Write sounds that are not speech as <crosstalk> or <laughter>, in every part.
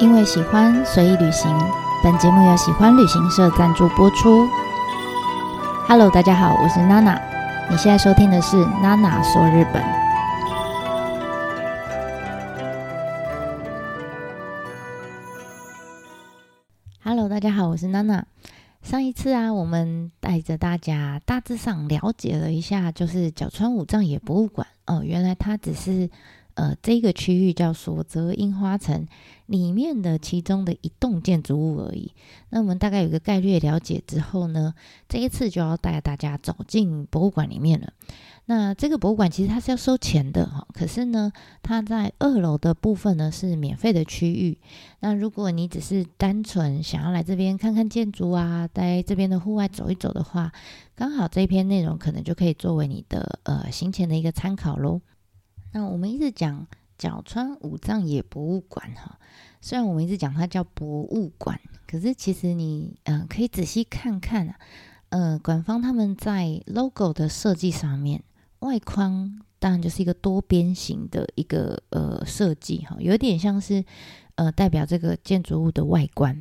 因為喜歡所以旅行，本節目由喜歡旅行社贊助播出。Hello，大家好，我是娜娜。你現在收聽的是娜娜說日本。Hello，大家好，我是娜娜。上一次啊，我們帶着大家大致上了解了一下，就是角川武藏野博物館哦、呃，原來它只是。呃，這個區域叫所澤櫻花城裡面的其中的一棟建築物而已。那我們大概有個概略了解之後呢，這一次就要帶大家走進博物館裡面了。那這個博物館其實它是要收錢的哈，可是呢，它在二樓的部分呢是免費的區域。那如果你只是單純想要來這邊看看建築啊，在這邊的戶外走一走的話，剛好這篇內容可能就可以作為你的呃行前的一個參考嘍。那我們一直講角川武藏野博物館哈，雖然我們一直講它叫博物館，可是其實你、呃、可以仔細看看啊，呃，館方他們在 logo 的設計上面，外框當然就是一個多邊形的一個呃設計哈，有點像是。呃，代表這個建築物的外觀，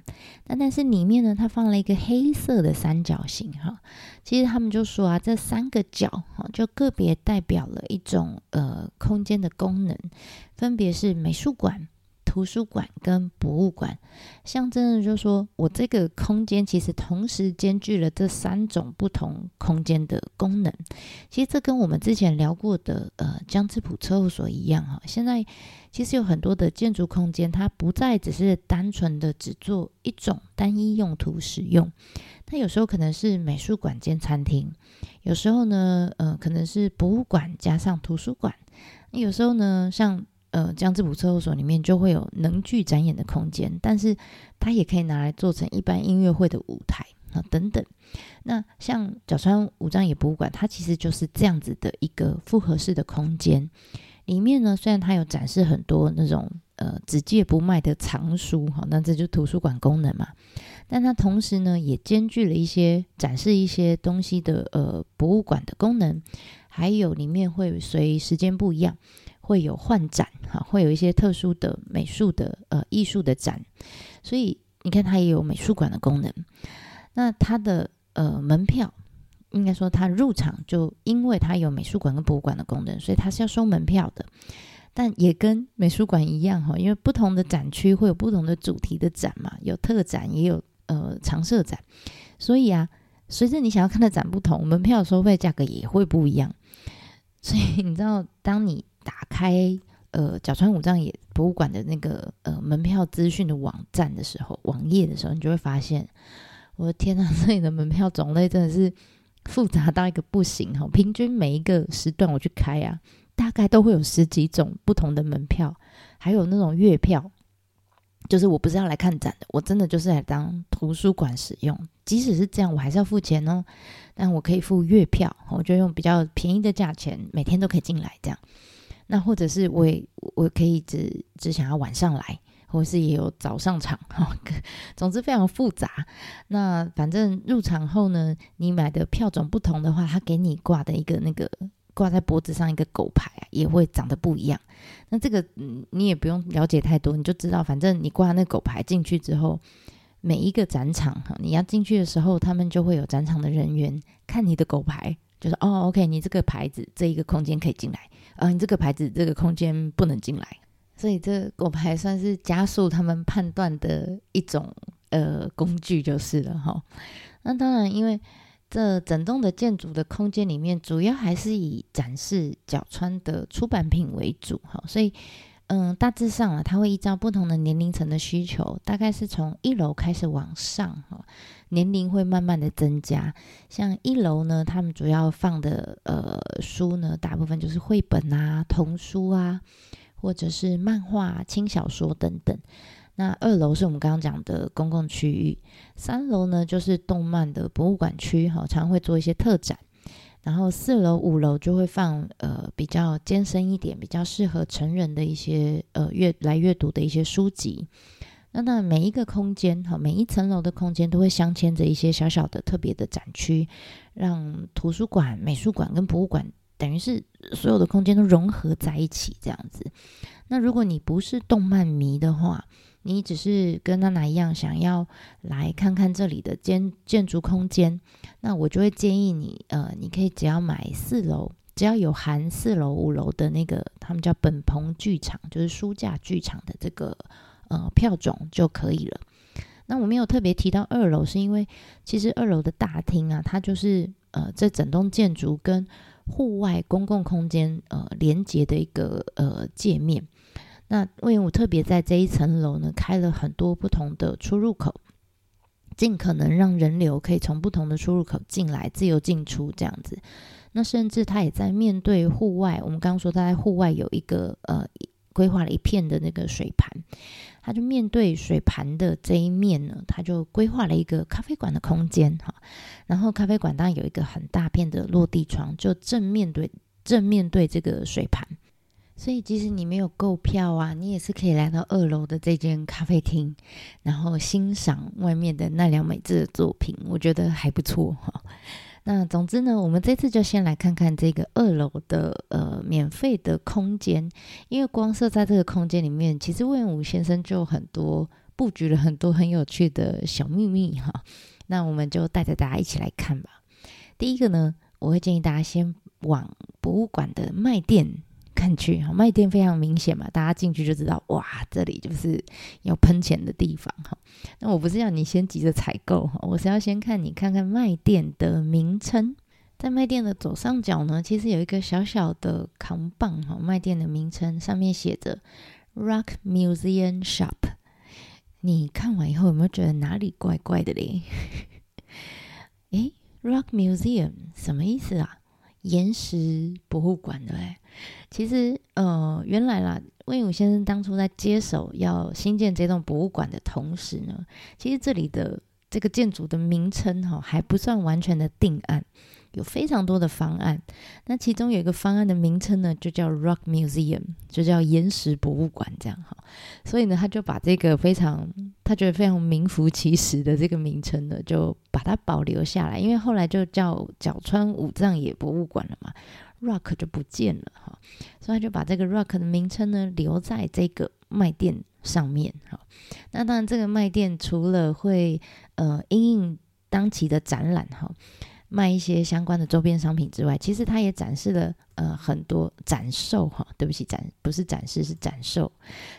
那但，但是裡面呢，它放了一個黑色的三角形，哈，其實他們就說啊，這三個角哈，就個別代表了一種呃空間的功能，分別是美術館。圖書館跟博物館象徵著，就是說我這個空間其實同時兼具了這三種不同空間的功能。其實這跟我們之前聊過的呃江之浦測候所一樣哈。現在其實有很多的建築空間，它不再只是單純的只做一種單一用途使用。它有時候可能是美術館兼餐廳，有時候呢呃可能是博物館加上圖書館。那有時候呢像。呃，江之浦測候所裡面就會有能劇展演的空間，但是它也可以拿來做成一般音樂會的舞台啊、哦、等等。那像角川武藏野博物館，它其實就是這樣子的一個複合式的空間。裡面呢，雖然它有展示很多那種呃只借不賣的藏書，但、哦、那這就是圖書館功能嘛。但它同時呢，也兼具了一些展示一些東西的呃博物館的功能，還有裡面會隨時間不一樣。會有換展哈，會有一些特殊的美術的呃藝術的展，所以你看它也有美術館的功能。那它的呃門票，應該說它入場就因為它有美術館跟博物館的功能，所以它是要收門票的。但也跟美術館一樣哈，因為不同的展區會有不同的主題的展嘛，有特展也有呃常設展，所以啊，隨着你想要看的展不同，門票收費價格也會不一樣。所以你知道當你。打開呃角川武藏野博物館的那個呃門票資訊的網站的時候，網頁的時候，你就會發現，我的天吶，這裡的門票種類真的是複雜到一個不行哈、哦！平均每一個時段我去開啊，大概都會有十幾種不同的門票，還有那種月票。就是我不是要來看展的，我真的就是來當圖書館使用。即使是這樣，我還是要付錢哦。但我可以付月票，我、哦、就用比較便宜的價錢，每天都可以進來這樣。那或者是我也我可以只只想要晚上來，或是也有早上場哈，總之非常複雜。那反正入場後呢，你買的票種不同的話，他給你掛的一個那個掛在脖子上一個狗牌也會長得不一樣。那這個嗯，你也不用了解太多，你就知道，反正你掛那狗牌進去之後，每一個展場哈，你要進去的時候，他們就會有展場的人員看你的狗牌。就是哦，OK，你這個牌子這一個空間可以進來，呃，你這個牌子這個空間不能進來，所以這狗牌算是加速他們判斷的一種呃工具就是了吼，那當然，因為這整棟的建築的空間裡面，主要還是以展示角川的出版品為主哈，所以。嗯，大致上啊，它會依照不同的年齡層的需求，大概是從一樓開始往上哈，年齡會慢慢的增加。像一樓呢，他們主要放的呃書呢，大部分就是繪本啊、童書啊，或者是漫畫、輕小說等等。那二樓是我們剛剛講的公共區域，三樓呢就是動漫的博物館區哈，常常會做一些特展。然後四樓五樓就會放呃比較艱深一點、比較適合成人的一些呃閱來閱讀的一些書籍。那那每一個空間哈，每一層樓的空間都會鑲嵌着一些小小的特別的展區，讓圖書館、美術館跟博物館。等於是所有的空間都融合在一起，這樣子。那如果你不是動漫迷的話，你只是跟娜娜一樣想要來看看這裡的建建築空間，那我就會建議你，呃，你可以只要買四樓，只要有含四樓五樓的那個，他們叫本棚劇場，就是書架劇場的這個呃票種就可以了。那我沒有特別提到二樓，是因為其實二樓的大廳啊，它就是呃，這整棟建築跟戶外公共空間，呃，連接的一個呃界面。那因為我特別在這一層樓呢，開了很多不同的出入口，盡可能讓人流可以從不同的出入口進來，自由進出這樣子。那甚至他也在面對戶外，我們剛剛說他在戶外有一個呃規劃了一片的那個水盤。他就面對水盤的這一面呢，他就規劃了一個咖啡館的空間哈。然後咖啡館當然有一個很大片的落地窗，就正面對正面對這個水盤。所以即使你沒有購票啊，你也是可以來到二樓的這間咖啡廳，然後欣賞外面的奈良美智的作品，我覺得還不錯哈。那總之呢，我們這次就先來看看這個二樓的呃免費的空間，因為光是在這個空間裡面，其實隈研吾先生就很多布局了很多很有趣的小秘密哈。那我們就帶着大家一起來看吧。第一個呢，我會建議大家先往博物館的賣店。看去，賣店非常明顯嘛，大家進去就知道，哇，這裡就是要噴錢的地方哈。那我不是要你先急着採購，我是要先看你看看賣店的名稱，在賣店的左上角呢，其實有一個小小的扛棒哈，賣店的名稱上面寫着 Rock Museum Shop。你看完以後有沒有覺得哪裡怪怪的嘞？ <laughs> 誒，Rock Museum，什麼意思啊？岩石博物館的、欸、其實呃，原來啦，隈研吾先生當初在接手要新建這棟博物館的同時呢，其實這裡的。這個建築的名稱哈、哦、還不算完全的定案，有非常多的方案。那其中有一個方案的名稱呢，就叫 Rock Museum，就叫岩石博物館這樣哈。所以呢，他就把這個非常他覺得非常名副其實的這個名稱呢，就把它保留下來。因為後來就叫角川武藏野博物館了嘛，Rock 就不見了哈、哦。所以他就把這個 Rock 的名稱呢留在這個賣店上面哈、哦。那當然，這個賣店除了會呃，因應當期的展覽哈，賣一些相關的周邊商品之外，其實他也展示了呃很多展售哈、哦，對不起，展不是展示是展售，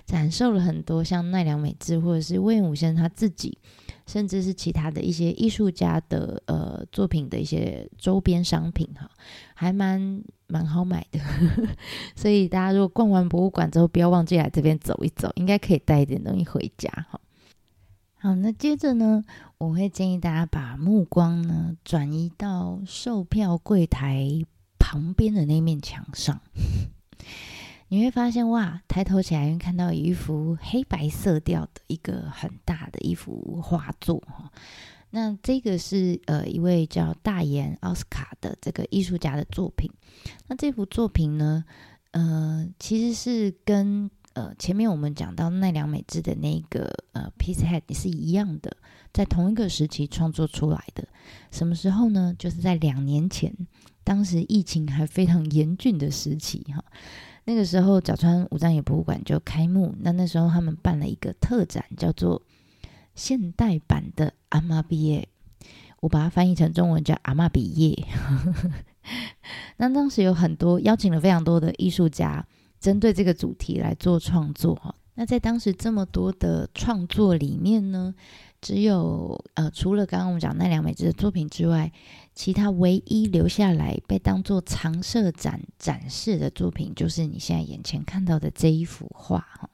展售了很多像奈良美智或者是隈研吾先生他自己，甚至是其他的一些藝術家的呃作品的一些周邊商品哈、哦，還蠻蠻好買的， <laughs> 所以大家如果逛完博物館之後，不要忘記來這邊走一走，應該可以帶一點東西回家哈。哦好，那接着呢，我會建議大家把目光呢轉移到售票櫃檯旁邊的那面牆上， <laughs> 你會發現哇，抬頭起來會看到有一幅黑白色調的一個很大的一幅畫作。那這個是呃一位叫大岩奧斯卡的這個藝術家的作品。那這幅作品呢，呃，其實是跟。呃，前面我們講到奈良美智的那個呃，peace head 也是一樣的，在同一個時期創作出來的。什麼時候呢？就是在兩年前，當時疫情還非常嚴峻的時期哈、哦。那個時候，角川武藏野博物館就開幕，那那時候他們辦了一個特展，叫做現代版的阿嬤比耶，我把它翻譯成中文叫阿嬤比耶。 <laughs> 那當時有很多邀請了非常多的藝術家。針對這個主題來做創作哈，那在當時這麼多的創作裡面呢，只有呃，除了剛剛我們講奈良美智的作品之外，其他唯一留下來被當做常設展展示的作品，就是你現在眼前看到的這一幅畫哈。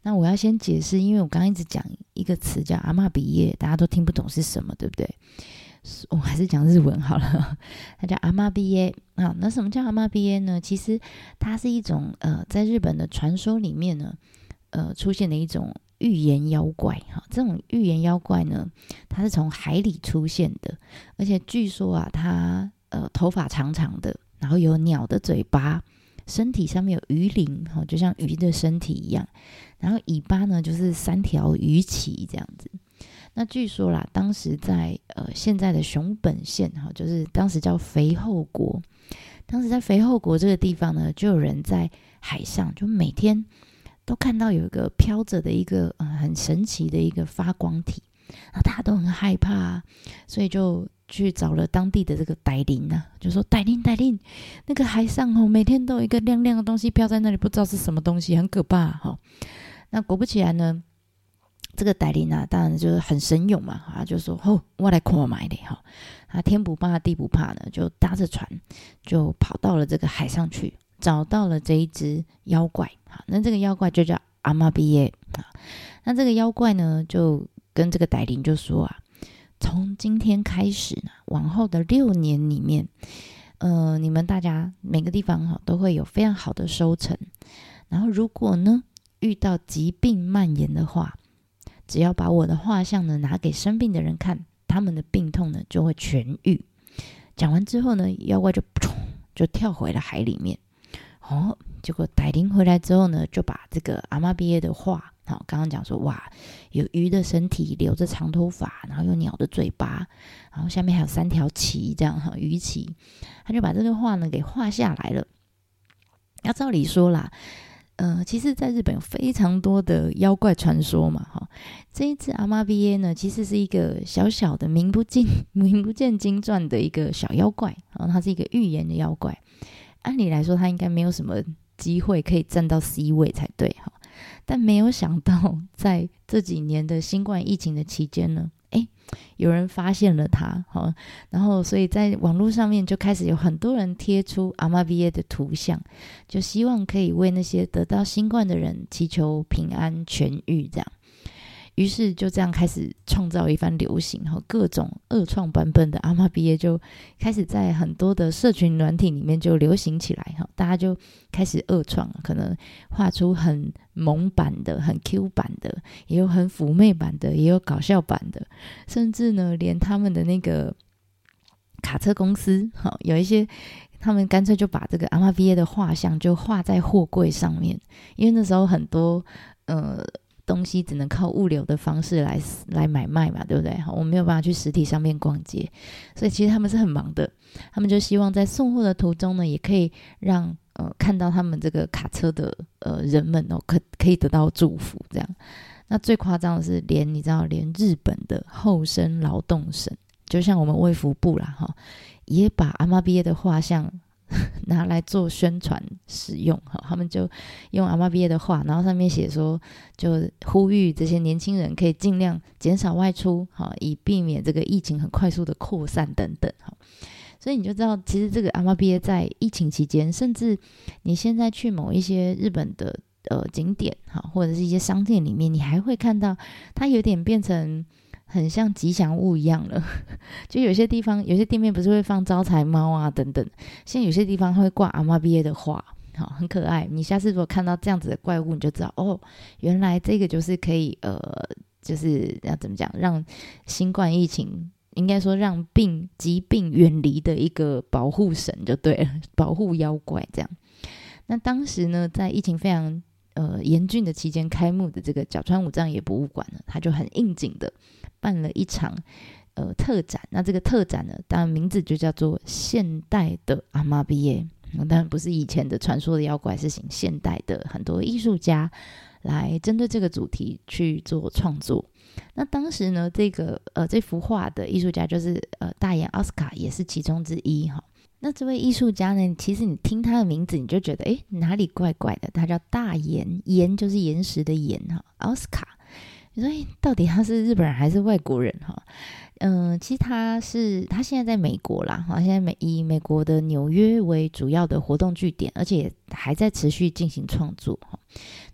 那我要先解釋，因為我剛剛一直講一個詞叫阿嬤比耶，大家都聽不懂是什麼，對不對？我還是講日文好了。他叫阿嬤比耶。啊，那什麼叫阿嬤比耶呢？其實它是一種呃，在日本的傳說裡面呢，呃，出現的一種預言妖怪哈。這種預言妖怪呢，它是從海裡出現的，而且據說啊，它呃頭髮長長的，然後有鳥的嘴巴，身體上面有魚鱗哈、哦，就像魚的身體一樣，然後尾巴呢就是三條魚鰭這樣子。那據說啦，當時在呃現在的熊本縣哈、哦，就是當時叫肥後國。當時在肥後國這個地方呢，就有人在海上，就每天都看到有一個飄着的一個、呃、很神奇的一個發光體，然、啊、大家都很害怕、啊，所以就去找了當地的這個白領吶，就說代領代領，那個海上哦，每天都有一個亮亮的東西飄在那裡，不知道是什麼東西，很可怕哈、啊哦。那果不其然呢。這個戴琳娜，當然就是很神勇嘛，啊，就說吼，oh, 我來看我買嘞哈！她天不怕地不怕的，就搭着船就跑到了這個海上去，找到了這一隻妖怪啊。那這個妖怪就叫阿瑪比耶啊。那這個妖怪呢，就跟這個戴琳就說啊，從今天開始呢，往後的六年裡面，呃，你們大家每個地方哈，都會有非常好的收成。然後如果呢，遇到疾病蔓延的話，只要把我的畫像呢拿給生病的人看，他們的病痛呢就會痊癒。講完之後呢，妖怪就撲通就跳回了海裡面。哦，結果歹靈回來之後呢，就把這個阿媽比耶的畫，好，剛剛講說哇，有魚的身體，留着長頭髮，然後有鳥的嘴巴，然後下面還有三條鰭這樣哈，魚鰭，他就把這個畫呢給畫下來了。要照理說啦。呃，其實，在日本有非常多的妖怪傳說嘛，哈、哦。這一次阿媽 B A 呢，其實是一個小小的名不精、名不見經傳的一個小妖怪，啊、哦，它是一個預言的妖怪。按理來說，它應該沒有什麼機會可以站到 C 位才對，哈、哦。但沒有想到，在這幾年的新冠疫情的期間呢。有人發現了他，好，然後所以在網絡上面就開始有很多人貼出阿嬤比耶的圖像，就希望可以為那些得到新冠的人祈求平安痊癒，這樣。於是就這樣開始創造一番流行哈，各種二創版本的阿嬤比耶就開始在很多的社群軟體裡面就流行起來哈，大家就開始二創，可能畫出很萌版的、很 Q 版的，也有很嫵媚版的，也有搞笑版的，甚至呢，連他們的那個卡車公司哈，有一些他們乾脆就把這個阿嬤比耶的畫像就畫在貨櫃上面，因為那時候很多呃。東西只能靠物流的方式來來買賣嘛，對不對？我沒有辦法去實體上面逛街，所以其實他們是很忙的。他們就希望在送貨的途中呢，也可以讓呃看到他們這個卡車的呃人們哦，可可以得到祝福這樣。那最誇張的是連，連你知道，連日本的厚生勞動省，就像我們衛福部啦哈、哦，也把阿嬤比耶的畫像。 <laughs> 拿來做宣傳使用，哈，他們就用阿嬤比耶的話，然後上面寫說，就呼籲這些年輕人可以儘量減少外出，哈，以避免這個疫情很快速的擴散等等，哈，所以你就知道，其實這個阿嬤比耶在疫情期間，甚至你現在去某一些日本的呃景點，哈，或者是一些商店裡面，你還會看到它有點變成。很像吉祥物一樣了，就有些地方，有些地面不是會放招財貓啊、等等，現在有些地方會掛阿嬤比耶的畫，好，很可愛。你下次如果看到這樣子的怪物，你就知道哦，原來這個就是可以呃，就是要怎麼講，讓新冠疫情應該說，讓病疾病遠離的一個保護神就對了，保護妖怪這樣。那當時呢，在疫情非常。呃，嚴峻的期間開幕的這個角川武藏野博物館呢，它就很應景的辦了一場呃特展。那這個特展呢，當然名字就叫做“現代的阿瑪比耶”，當然不是以前的傳說的妖怪，是請現代的很多藝術家來針對這個主題去做創作。那當時呢，這個呃這幅畫的藝術家就是呃大眼奧斯卡，也是其中之一哈。那這位藝術家呢？其實你聽他的名字，你就覺得誒，哪裡怪怪的？他叫大岩，岩就是岩石的岩哈，奧斯卡。你說，到底他是日本人還是外國人哈？嗯，其實他是，他現在在美國啦，哈，現在美以美國的紐約為主要的活動據點，而且還在持續進行創作哈。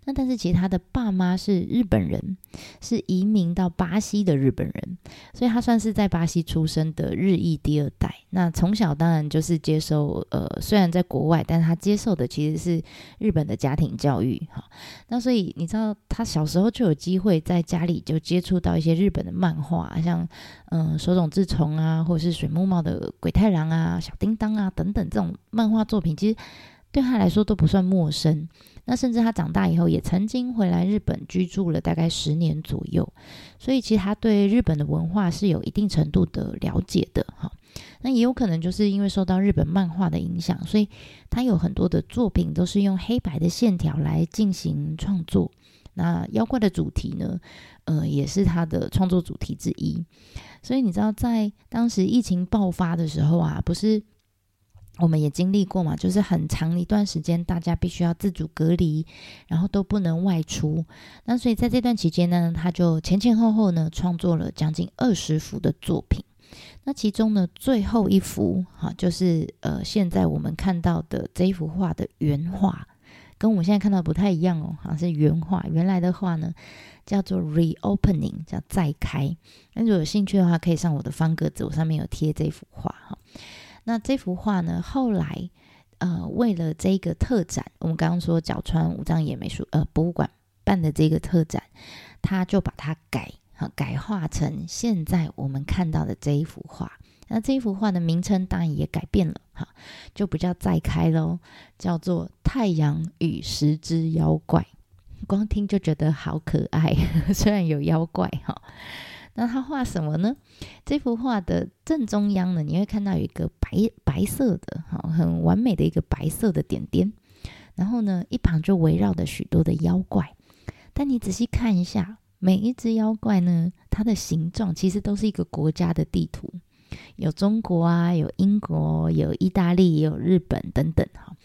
那但是其實他的爸媽是日本人，是移民到巴西的日本人，所以他算是在巴西出生的日裔第二代。那從小當然就是接受呃，雖然在國外，但是他接受的其實是日本的家庭教育哈。那所以你知道他小時候就有機會在家裡就接觸到一些日本的漫畫，像嗯手塚治蟲啊，或者是水木茂的鬼太郎啊、小叮噹啊等等這種漫畫作品，其實對他來說都不算陌生。那甚至他長大以後也曾經回來日本居住了大概十年左右，所以其實他對日本的文化是有一定程度的了解的哈。那也有可能就是因為受到日本漫畫的影響，所以他有很多的作品都是用黑白的線條來進行創作。那妖怪的主題呢，呃，也是他的創作主題之一。所以你知道，在當時疫情爆發的時候啊，不是。我們也經歷過嘛，就是很長一段時間，大家必須要自主隔離，然後都不能外出。那所以在這段期間呢，他就前前後後呢創作了將近二十幅的作品。那其中呢最後一幅，哈，就是呃現在我們看到的這一幅畫的原畫，跟我們現在看到不太一樣哦，好像是原畫。原來的畫呢叫做 Reopening，叫再開。那如果有興趣的話，可以上我的方格子，我上面有貼這幅畫哈。那這幅畫呢，後來，呃，為了這個特展，我們剛剛說角川武藏野美術，呃，博物館辦的這個特展，他就把它改哈，改畫成現在我們看到的這一幅畫。那這一幅畫的名稱當然也改變了哈，就不叫再開嘍，叫做《太陽與十隻妖怪》。光聽就覺得好可愛，雖然有妖怪哈。那他畫什麼呢？這幅畫的正中央呢，你會看到有一個白白色的，哈，很完美的一個白色的點點。然後呢，一旁就圍繞着許多的妖怪。但你仔細看一下，每一隻妖怪呢，它的形狀其實都是一個國家的地圖，有中國啊，有英國，有意大利，也有日本等等，哈。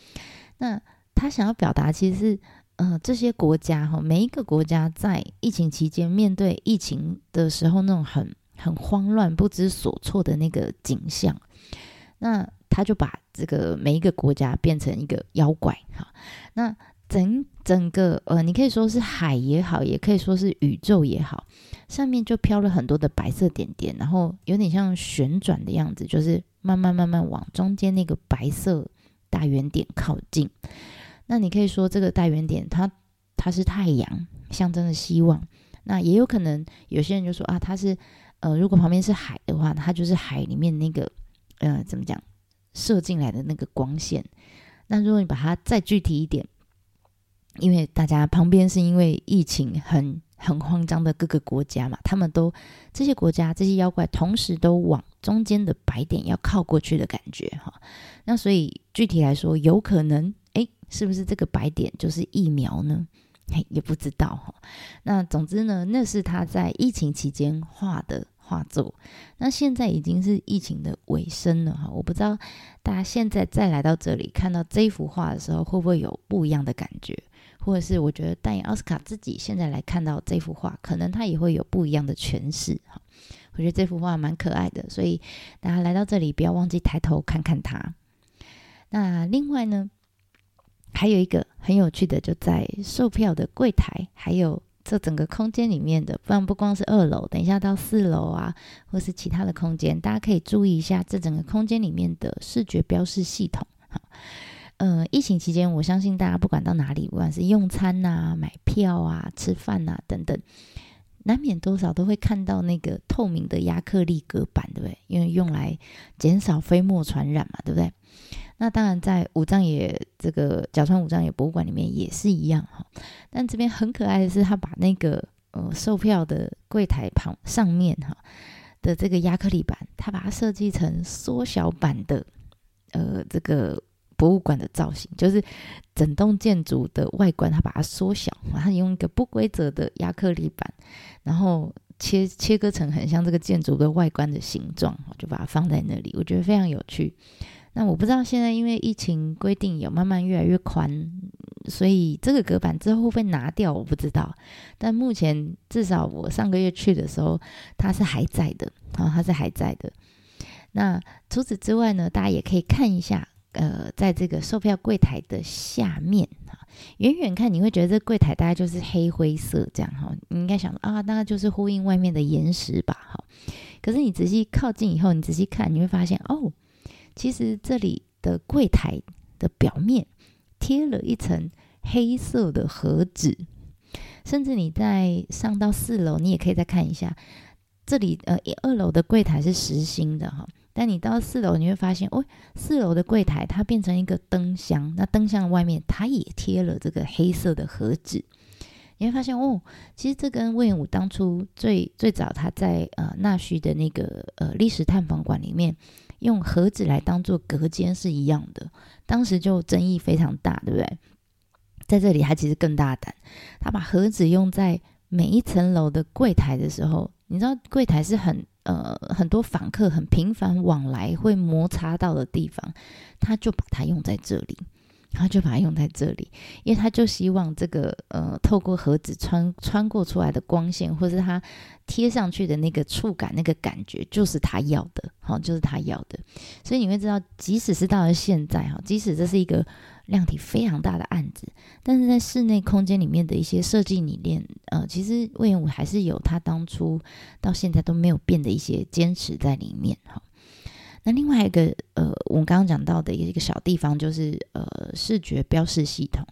那他想要表達其實是。呃，這些國家哈，每一個國家在疫情期間面對疫情的時候，那種很很慌亂、不知所措的那個景象，那他就把這個每一個國家變成一個妖怪哈。那整整個呃，你可以說是海也好，也可以說是宇宙也好，上面就飄了很多的白色點點，然後有點像旋轉的樣子，就是慢慢慢慢往中間那個白色大圓點靠近。那你可以說這個大圓點它，它它是太陽，象徵的希望。那也有可能有些人就說啊，它是呃，如果旁邊是海的話，它就是海裡面那個呃，怎麼講，射進來的那個光線。那如果你把它再具體一點，因為大家旁邊是因為疫情很很慌張的各個國家嘛，他們都這些國家這些妖怪同時都往中間的白點要靠過去的感覺哈。那所以具體來說，有可能。是不是這個白點就是疫苗呢？嘿，也不知道哈。那總之呢，那是他在疫情期間畫的畫作。那現在已經是疫情的尾聲了哈。我不知道大家現在再來到這裡看到這幅畫的時候，會不會有不一樣的感覺？或者是我覺得戴奧斯卡自己現在來看到這幅畫，可能他也會有不一樣的詮釋哈。我覺得這幅畫蠻可愛的，所以大家來到這裡不要忘記抬頭看看他。那另外呢，還有一個很有趣的，就在售票的櫃檯，還有這整個空間裡面的，不然不光是二樓，等一下到四樓啊，或是其他的空間，大家可以注意一下這整個空間裡面的視覺標示系統。哈，嗯、呃，疫情期間，我相信大家不管到哪裡，不管是用餐吶、啊、買票啊、吃飯吶、啊、等等，難免多少都會看到那個透明的亞克力隔板，對不對？因為用來減少飛沫傳染嘛，對不對？那當然，在武藏野這個角川武藏野博物館裡面也是一樣哈，但這邊很可愛的是，他把那個呃售票的櫃檯旁上面哈的這個壓克力板，他把它設計成縮小版的呃這個博物館的造型，就是整棟建築的外觀，他把它縮小，然後用一個不規則的壓克力板，然後切切割成很像這個建築的外觀的形狀，就把它放在那裡，我覺得非常有趣。那我不知道現在因為疫情規定有慢慢越來越寬，所以這個隔板之後會不會拿掉？我不知道。但目前至少我上個月去的時候，它是還在的啊、哦，它是還在的。那除此之外呢，大家也可以看一下，呃，在這個售票櫃檯的下面哈、哦，遠遠看你會覺得這櫃檯大概就是黑灰色這樣哈、哦，你應該想啊，大概就是呼應外面的岩石吧，哈、哦。可是你仔細靠近以後，你仔細看，你會發現哦。其實這裡的櫃檯的表面貼了一層黑色的盒子，甚至你在上到四樓，你也可以再看一下。這裡呃，一二樓的櫃檯是實心的哈，但你到四樓你會發現，哦，四樓的櫃檯它變成一個燈箱，那燈箱外面它也貼了這個黑色的盒子。你會發現哦，其實這跟隈研吾當初最最早他在呃那須的那個呃歷史探訪館裡面。用盒子來當做隔間是一樣的，當時就爭議非常大，對不對？在這裡，他其實更大膽，他把盒子用在每一層樓的櫃檯的時候，你知道櫃檯是很呃很多訪客很頻繁往來會摩擦到的地方，他就把它用在這裡。然後就把它用在這裡，因為他就希望這個呃，透過盒子穿穿過出來的光線，或是他貼上去的那個觸感、那個感覺，就是他要的，哈、哦，就是他要的。所以你會知道，即使是到了現在哈，即使這是一個量體非常大的案子，但是在室內空間裡面的一些設計理念，呃，其實隈研吾還是有他當初到現在都沒有變的一些堅持在裡面，哈、哦。那另外一個呃，我剛剛講到的一個小地方就是呃，視覺標示系統。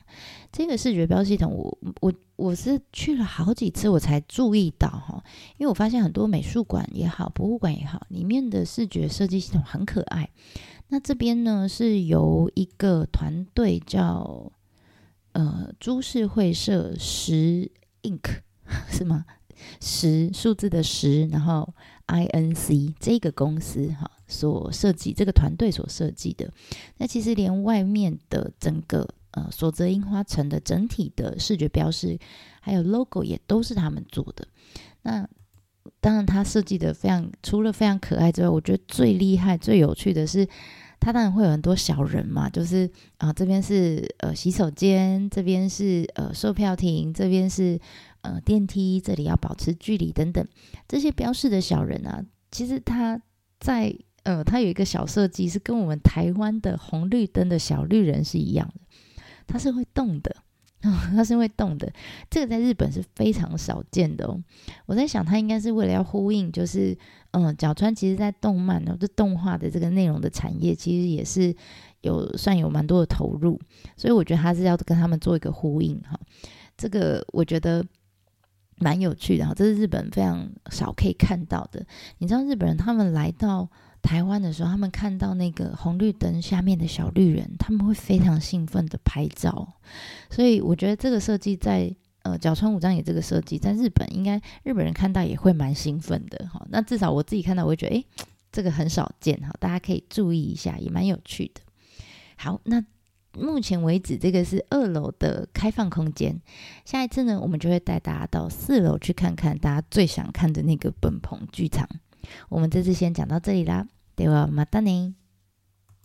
這個視覺標示系統，我我我是去了好幾次，我才注意到哈，因為我發現很多美術館也好，博物館也好，裡面的視覺設計系統很可愛。那這邊呢，是由一個團隊叫呃，株式會社十 Inc 是嗎？十數字的十，然後 I N C 這個公司哈。所設計這個團隊所設計的，那其實連外面的整個呃，所澤櫻花城的整體的視覺標示，還有 logo 也都是他們做的。那當然，他設計的非常，除了非常可愛之外，我覺得最厲害、最有趣的是，他當然會有很多小人嘛，就是啊、呃，這邊是呃洗手間，這邊是呃售票亭，這邊是呃電梯，這裡要保持距離等等這些標示的小人啊，其實他在。嗯，它有一個小設計是跟我們台灣的紅綠燈的小綠人是一樣的，它是會動的，嗯、它是會動的。這個在日本是非常少見的、哦。我在想，它應該是為了要呼應，就是嗯，角川其實在動漫、哦，這動畫的這個內容的產業，其實也是有算有蠻多的投入，所以我覺得它是要跟他們做一個呼應哈、哦。這個我覺得蠻有趣的，哈。這是日本非常少可以看到的。你知道日本人他們來到。台灣的時候，他們看到那個紅綠燈下面的小綠人，他們會非常興奮的拍照。所以我覺得這個設計在呃，角川武藏野這個設計在日本應該日本人看到也會蠻興奮的哈。那至少我自己看到，我會覺得哎，這個很少見哈，大家可以注意一下，也蠻有趣的。好，那目前為止這個是二樓的開放空間，下一次呢，我們就會帶大家到四樓去看看大家最想看的那個本棚劇場。我們這次先講到這裡啦，では、またね。